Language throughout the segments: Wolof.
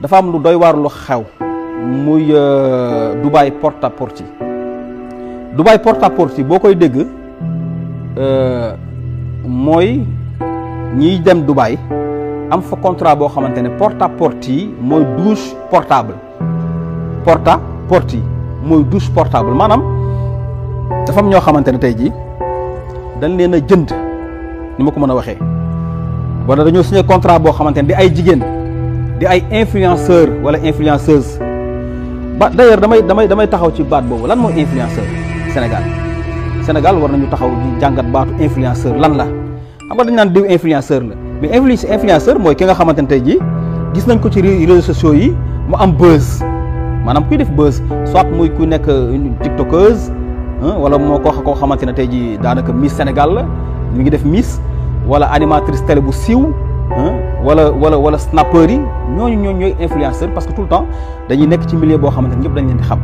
dafa am lu doy waar lu xew muy euh, Dubaï porte à porte yi Dubaï porte à boo koy dégg euh, mooy ñiy dem Dubaï am fa contrat boo xamante ne porte à porte yi mooy douche portable porta à mooy douche portable maanaam dafa am ñoo xamante ne tey jii dañ leen a jënd ni ma ko mën a waxee wala dañoo signé contrat boo xamante ne di ay jigéen. di ay influenceur wala influenceuse ba d'ailleurs damay damay damay taxaw ci baat boobu lan mooy influenceur Sénégal Sénégal war nañu taxaw di jàngat baatu influenceur lan la xam nga dañ naan diw influenceur la mais influ influenceur mooy ki nga xamante ne tey jii gis nañ ko ci réseaux sociaux yi mu am buzz maanaam kuy def buzz soit muy ku nekk une tiktokeuse wala moo ko koo xamante ne tey jii daanaka Miss Sénégal la ñu ngi def Miss wala animatrice télé bu siiw wala wala wala snappeurs yi ñooñu ñooñu ñooy influenceur parce que tout le temps dañuy nekk ci milieu boo xamante ne ñëpp dañ leen di xam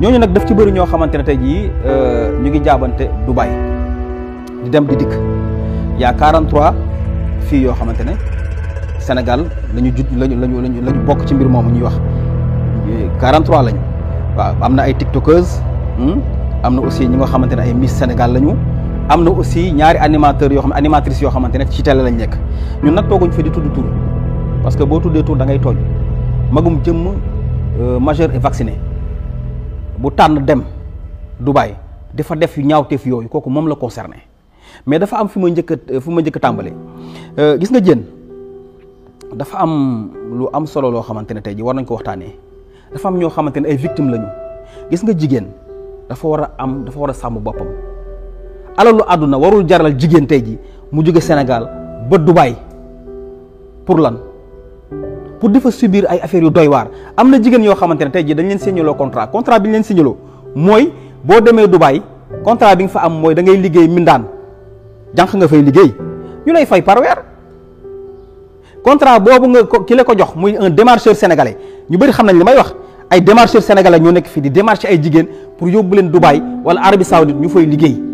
ñooñu nag daf ci bëri ñoo xamante ne tey jii euh, ñu ngi jaabante Dubaï di dem di dikk y' a 43 fii yoo xamante ne Sénégal lañu jut lañu lañu lañu la bokk ci mbir moomu ñuy wax 43 lañu waaw am na ay tiktokeuses hmm, am na aussi ñi nga xamante ne ay Miss Sénégal lañu. am na aussi ñaari animateur yoo xam ne animatrice yoo xamante ne ci télé lañ nekk ñun nag tooguñ fi di tudd tur parce que boo tuddee tur da tooñ magum jëmm euh, majeur et vacciné bu tànn dem Dubaï dafa def yu ñaawteef yooyu kooku moom la concerné mais dafa am fi ma njëkk euh, fi ma njëkk tàmbale euh, gis nga jën dafa am lu am solo loo xamante ne tey ji war nañ ko waxtaanee dafa am ñoo xamante ne ay victimes lañu gis nga jigéen dafa war a am dafa war a sàmm boppam alalu àdduna warul jaral jigéen tey ji mu jóge Sénégal ba Dubaï pour lan pour di fa subir ay affaires yu doy waar am na jigéen yoo xamante ne tey jii dañ leen signaloo contrat contrat bi ñu leen signaloo mooy boo demee Dubaï contrat bi nga fa am mooy da ngay liggéey mindaan jànq nga fay liggéey ñu lay fay par weer contrat boobu nga ki la ko jox muy un démarcheur ñu bëri xam nañ li may wax ay démarcheur sénégalais ñoo nekk fii di démarcher ay jigéen pour yóbbu leen Dubaï wala Arabie Saoudite ñu fay liggéey.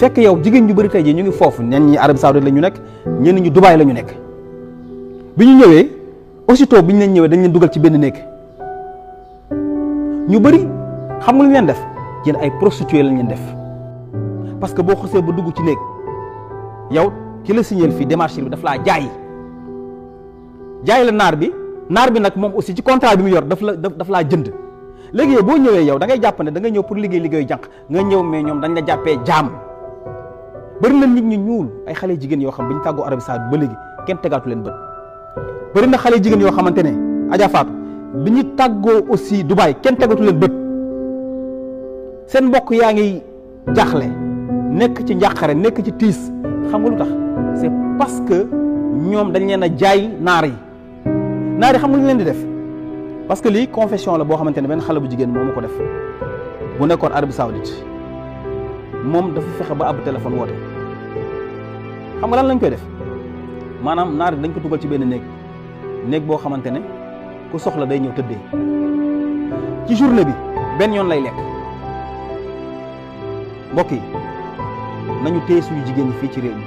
fekk yow jigéen ñu bari tey jii ñu ngi foofu ñenn ñi Arabie Saoudite la ñu nekk ñenn ñi Dubaï la nekk bi ñu ñëwee aussitôt bi ñu leen ñëwee dañ leen dugal ci benn néeg ñu bëri xam nga lu ñu leen def yéen ay prostituées lañ leen def parce que boo xasee ba dugg ci nekk yow ki la signal fii démarche bi daf laa jaay jaay la naar bi naar bi nag moom aussi ci contrat bi mu yor daf la daf laa jënd léegi yow boo ñëwee yow da jàpp ne da ngay pour liggéey liggéeyu jànq nga ñëw mais ñoom dañ la jàppee jaam. bëri na nit ñu ñuul ay xale jigéen yoo xam bi ñu tàggoo Arabie Saoudite ba léegi kenn tegaatu leen bët bëri na xale jigéen yoo xamante ne Adja bi ñu tàggoo aussi Dubaï kenn tegaatu leen bët seen mbokk yaa ngi jaaxle nekk ci njàqare nekk ci tiis xam nga lu tax c'est parce que ñoom dañ leen a jaay naar yi naar yi xam nga lu leen di def parce que lii confession la boo xamante ne benn xale bu jigéen moo ma ko def bu nekkoon Arabie Saoudite moom dafa fexe ba ab téléphone woote xam nga lan lañ koy def maanaam naar dañ ko dugal ci benn néeg néeg boo xamante ne ku soxla day ñëw tëddee ci journée bi benn yoon lay lekk mbokk yi nañu téye suñu jigéen ñi fii ci réew mi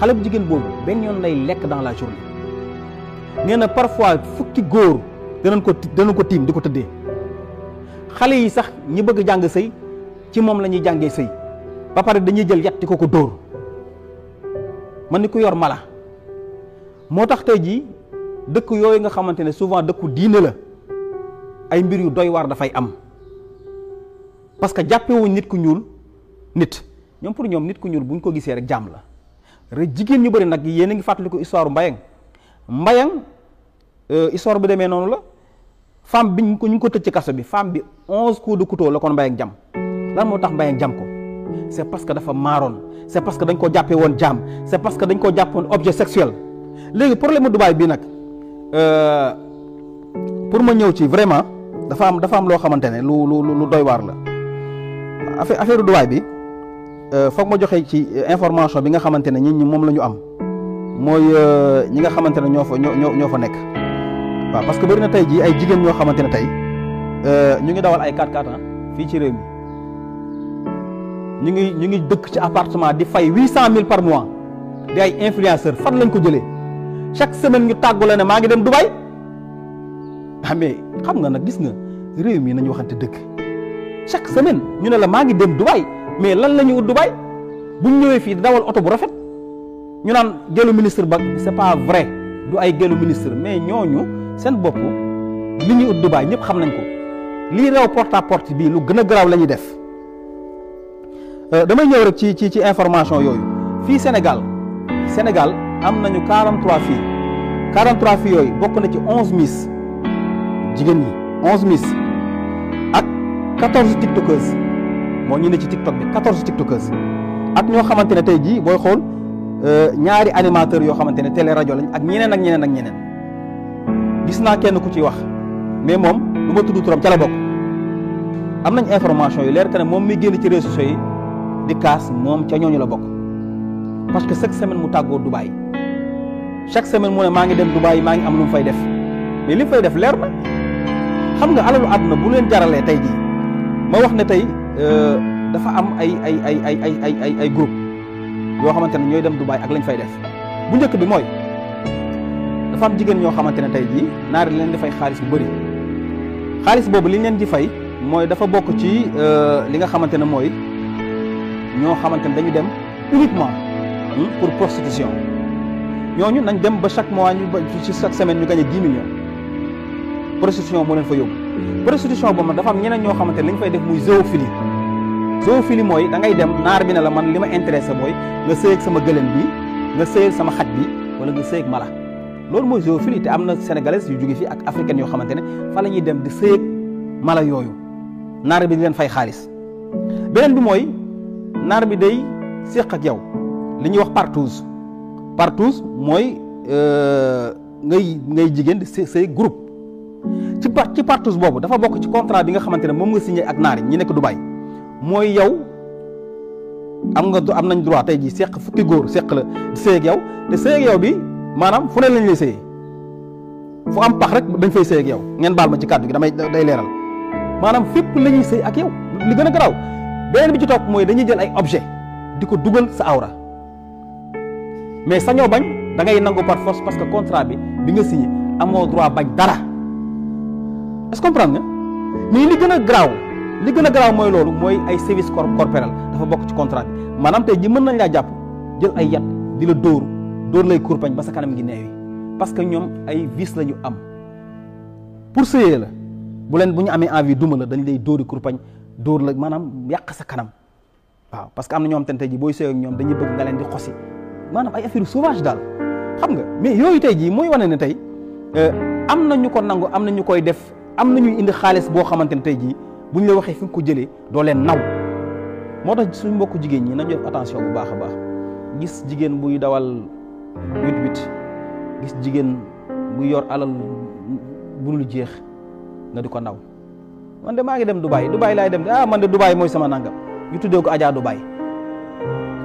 xale bu jigéen boobu benn yoon lay lekk dans la journée nee na parfois fukki góor danañ ko danañ ko tiim di ko tëddee xale yi sax ñi bëgg jàng sëy ci moom la ñuy jàngee sëy ba pare dañuy jël yat ko ko dóor man ni ku yor mala motax tay ji dekk yoy nga xamantene souvent dekk diine la ay mbir yu doy da fay am parce que jàppewuñ nit ku ñuul nit ñom pour ñom nit ku ñuul buñ ko gisee rek jam la re jigen ñu bari nak yéen nga fatali ko histoire mbayang mbayang euh, histoire bu demee noonu la femme bi ko ñu ko tecc ci kasso bi femme bi 11 coups de couteau la kon mbayang jam lan motax mbayeng mbayang jam ko c'est parce que dafa maron c'est parce que dañ ko jappé won jaam c'est parce que dañ ko jàppoon objet sexuel légui problème mu Dubaï bi euh pour ma ñëw ci vraiment dafa am dafa am lo xamantene lu lu lu doy war la affaire affaire Dubaï bi euh, foog ma joxe ci information bi nga xamantene ne ñi mom lañu am moy euh, ñi nga xamantene ño fa ño ñoo fa nek waaw parce que bari na tay ji ay jigen ño xamantene tay euh ñu ngi dawal ay 4 4 ans fi ci réew mi ñu ngi ñu ngi dëkk ci appartement di fay huit mille par mois di ay influenceur fan lañ ko jëlee chaque semaine ñu tàggu la ne maa ngi dem Dubai ah, mais xam nga nag gis nga réew mi nañu waxante dëkk chaque semaine ñu ne la maa ngi dem Dubai mais lan la ñu ut Dubai bu ñu ñëwee fii dawal oto bu rafet ñu naan gelu ministre ba c'est pas vrai du ay gelu ministre mais ñooñu seen bopp li ñu ut Dubai ñëpp xam nañ ko lii réew porte à porte bii lu gën a garaaw la ñuy def. Euh, damay ñëw rek ci ci ci information yooyu fii Sénégal Sénégal am nañu 43 filles 43 filles yooyu bokk na ci 11 miss jigéen ñi 11 miss ak 14 tiktokeuses moo ñu ne ci tiktok bi 14 tiktokeuses ak ñoo xamante ne tey jii booy xool euh, ñaari animateur yoo xamante ne télé rajo lañ ak ñeneen ak ñeneen ak ñeneen gis naa kenn ku ci wax mais moom du ma tudd turam ca la bokk am nañ information yu leer que ne moom mi génn ci réseaux yi. di kaas moom ca ñooñu la bokk parce que chaque semaine mu tàggoo Dubaï chaque semaine mu ne maa ngi dem Dubaï maa ngi am lu mu fay def mais li mu fay def leer na xam nga alalu àdduna bu leen jaralee tey jii ma wax na tey euh, dafa am ay ay ay ay ay ay ay ay groupe yoo xamante ne ñooy dem Dubaï ak lañ fay def bu njëkk bi mooy dafa am jigéen ñoo xamante ne tey jii naari leen dafay xaalis bu bëri xaalis boobu li leen ji fay mooy dafa bokk ci euh, li nga xamante ne mooy ñoo xamante dañu dem uniquement hmm, pour prostitution ñooñu nañ dem ba chaque mois ñu ba ci chaque semaine ñu gagné 10 millions prostitution mo leen fa yóbbu. prostitution boobu dafa am ñeneen ñoo xamante ne lañ fay def muy zoophilie zoophilie mooy da ngay dem naar bi ne la man li ma intéressé mooy nga sëyeeg sama gëlëm bi nga sëyeeg sama xaj bi wala nga sëyeeg mala loolu mooy zoophilie te am na sénégalaises yu jóge fii ak africaines yoo xamante ne fa la ñuy dem di sëyeeg mala yooyu naar bi di leen fay xaalis beneen bi mooy. naar bi day séq ak yow li ñuy wax partouze partouze mooy euh, ngay ngay jigéen di say groupe ci par ci partouze boobu dafa bokk ci contrat bi nga xamante ne moom nga signé ak naar yi ñi nekk Dubaay mooy yow am nga am nañ droit tey jii seq fukki góor seq la di seeg yow te seeg yow bi maanaam fu ne lañ lay seeyee fu am pax rek dañ fay seeg yow ngeen baal ma ci kàddu gi damay day leeral maanaam fépp la ñuy seey ak yow li gën a garaaw benen bi ci top moy dañuy jël ay objet diko duggal sa aura mais sañoo bañ da ngay nangu par force parce que contrat bi bi nga signé amo droit bañ dara est ce comprendre ni li gëna a li gëna graw moy lolu moy ay service corporel dafa bok ci contrat bi manam tay ji mën nañ laa jàpp jël ay yatt di la door dóor lay kurpañ ba sa kanam gi neewi parce que ñom ay vis lañu am pour seyela bu len buñu amé envie duma la dañ lay dóori kurpañ dóor la maanaam yàq sa kanam waaw parce que am na ñoom tey jii booy sëy ak ñoom dañuy bëgg nga leen di xosi maanaam ay affaire sauvage daal xam nga mais yooyu tey jii mooy wane ne tey euh, am na ñu ko nangu am na ñu koy def am na ñuy indi xaalis boo xamante ne tey jii bu ñu la waxee fi nga ko jëlee doo leen naw moo tax suñu mbokku jigéen ñi nañu def attention bu baax a baax gis jigéen buy dawal wit wit gis jigéen bu yor alal bu dul jeex nga di ko naw man de maa ngi dem Dubai Dubai laay dem de ah man de Dubai mooy sama nangam ñu tuddee ko Adja Dubai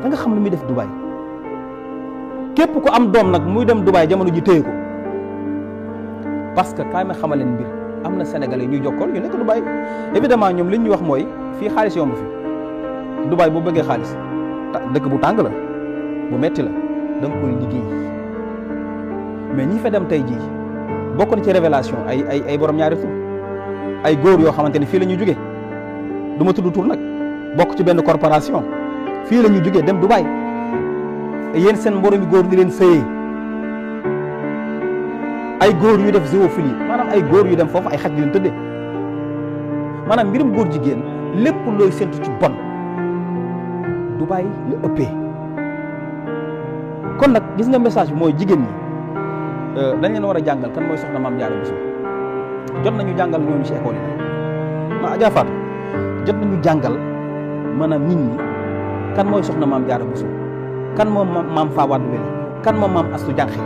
da nga xam lu muy def Dubai képp ku am doom nag muy dem dubaay jamono ji téye ko parce que kaay ma leen mbir am na sénégal yi ñuy jokkoon ñu nekk Dubai évidemment ñoom li ñu wax mooy fii xaalis yomb fi Dubai boo bëggee xaalis dëkk bu tàng la bu metti la da nga koy liggéey mais ñi fa dem tey jii bokk na ci révélation ay ay ay borom ñaari tur ay góor yoo xamante ne fii lañuy jóge jugee du ma tudd tur nag bokk ci benn corporation fii lañuy ñu jugee dem Dubaï yéen seen mboroomi góor di leen sëyee ay góor yu def zoophilie maanaam ay góor yu dem foofu ay xaj di leen tëddee maanaam mbirum góor jigéen lépp looy séntu ci bon Dubaï la ëppee kon nag gis nga message mooy jigéen ñi euh, dañ leen war a jàngal kan mooy soxna maam Jaara Buso jot nañu jàngal ñooñu ci école yi ma Adja jot nañu jàngal maanaam nit ñi kan mooy soxna maam Jaara Buso kan moom maam Fawade Wele kan moom maam Astu Jànqe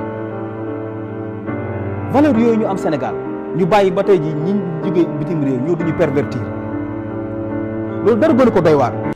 valeur yooyu ñu am senegal ñu bàyyi ba tey ji ñi jóge bitim réew ñoo duñu pervertir loolu dara gën ko doy